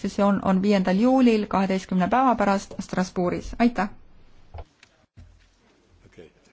sessioon on viiendal juulil, kaheteistkümne päeva pärast Strasbourgis, aitäh!